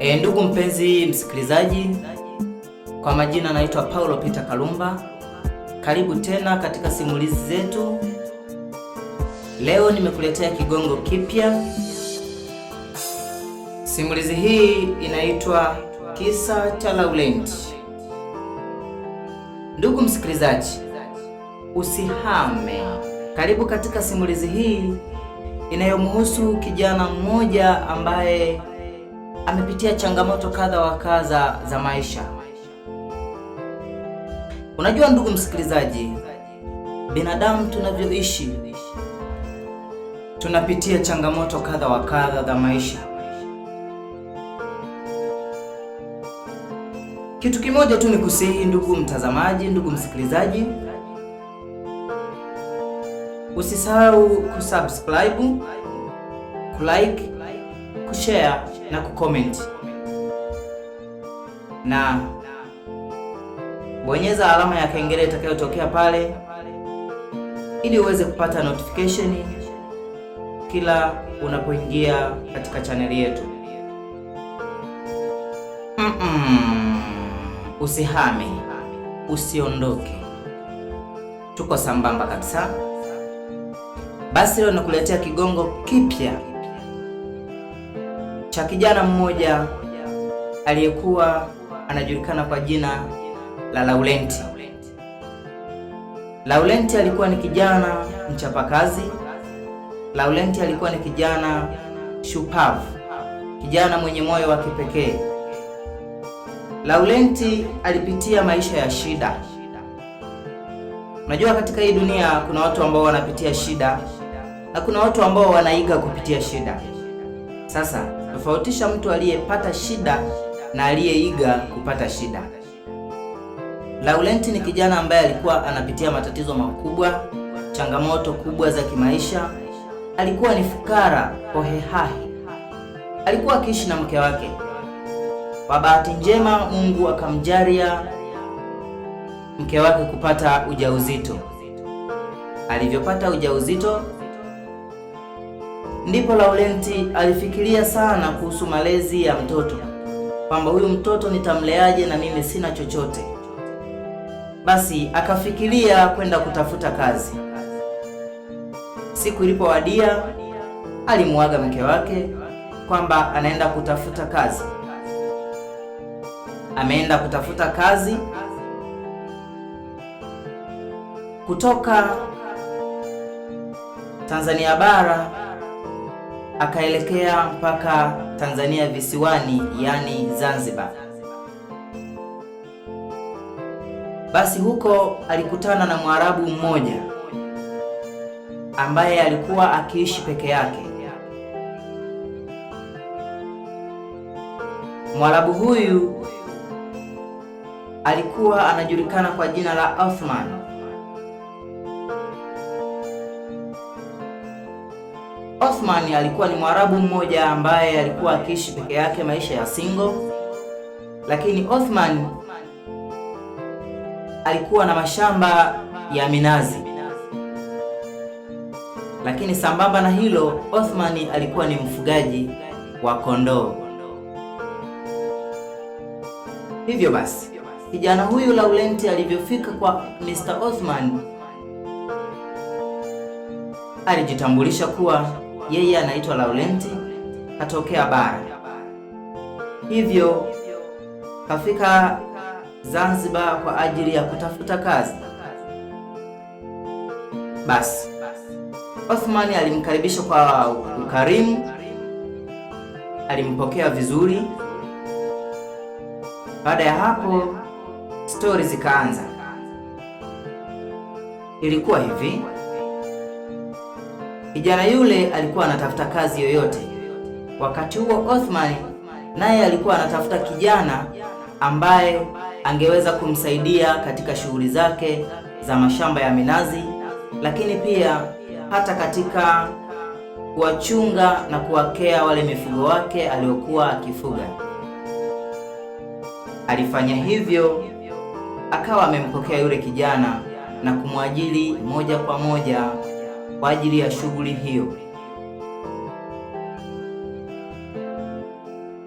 E, ndugu mpenzi msikilizaji, kwa majina naitwa Paulo Peter Kalumba. Karibu tena katika simulizi zetu. Leo nimekuletea kigongo kipya. Simulizi hii inaitwa Kisa cha Laurent. Ndugu msikilizaji, usihame. Karibu katika simulizi hii inayomhusu kijana mmoja ambaye amepitia changamoto kadha wa kadha za maisha. Unajua ndugu msikilizaji, binadamu tunavyoishi tunapitia changamoto kadha wa kadha za maisha. Kitu kimoja tu ni kusihi, ndugu mtazamaji, ndugu msikilizaji, usisahau kusubscribe, kulike kushare na kucomment, na bonyeza alama ya kengele itakayotokea pale ili uweze kupata notification kila unapoingia katika chaneli yetu. Mm -mm. Usihame, usiondoke, tuko sambamba kabisa. Basi leo nakuletea kigongo kipya cha kijana mmoja aliyekuwa anajulikana kwa jina la Laurenti. Laurenti alikuwa ni kijana mchapakazi. Laurenti alikuwa ni kijana shupavu, kijana mwenye moyo wa kipekee. Laurenti alipitia maisha ya shida. Unajua, katika hii dunia kuna watu ambao wanapitia shida na kuna watu ambao wanaiga kupitia shida. Sasa tofautisha mtu aliyepata shida na aliyeiga kupata shida. Laurenti ni kijana ambaye alikuwa anapitia matatizo makubwa, changamoto kubwa za kimaisha. Alikuwa ni fukara hohehahe, alikuwa akiishi na mke wake. Kwa bahati njema, Mungu akamjalia mke wake kupata ujauzito. Alivyopata ujauzito Ndipo Laurenti alifikiria sana kuhusu malezi ya mtoto, kwamba huyu mtoto nitamleaje na mimi sina chochote. Basi akafikiria kwenda kutafuta kazi. Siku ilipowadia, alimuaga mke wake kwamba anaenda kutafuta kazi. Ameenda kutafuta kazi kutoka Tanzania bara akaelekea mpaka Tanzania visiwani, yaani Zanzibar. Basi huko alikutana na Mwarabu mmoja ambaye alikuwa akiishi peke yake. Mwarabu huyu alikuwa anajulikana kwa jina la Othman. Othman alikuwa ni Mwarabu mmoja ambaye alikuwa akiishi peke yake maisha ya single, lakini Othman alikuwa na mashamba ya minazi. Lakini sambamba na hilo, Othman alikuwa ni mfugaji wa kondoo. Hivyo basi, kijana huyu Laurent alivyofika kwa Mr. Othman alijitambulisha kuwa yeye anaitwa Laurenti katokea bara, hivyo kafika Zanzibar kwa ajili ya kutafuta kazi. Basi Othmani alimkaribisha kwa ukarimu, alimpokea vizuri. Baada ya hapo stori zikaanza. Ilikuwa hivi. Kijana yule alikuwa anatafuta kazi yoyote. Wakati huo Othman naye alikuwa anatafuta kijana ambaye angeweza kumsaidia katika shughuli zake za mashamba ya minazi, lakini pia hata katika kuwachunga na kuwakea wale mifugo wake aliyokuwa akifuga. Alifanya hivyo, akawa amempokea yule kijana na kumwajili moja kwa moja kwa ajili ya shughuli hiyo.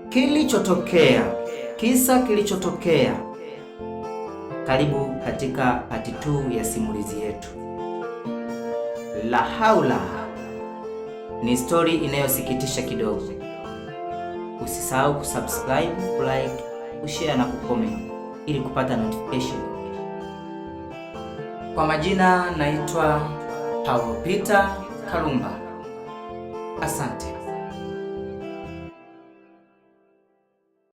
Kilichotokea, kisa kilichotokea. Karibu katika pati tu ya simulizi yetu. La haula ni stori inayosikitisha kidogo. Usisahau kusubscribe, like, kushare na kucomment ili kupata notification. Kwa majina naitwa Paulo Peter Kalumba. Asante.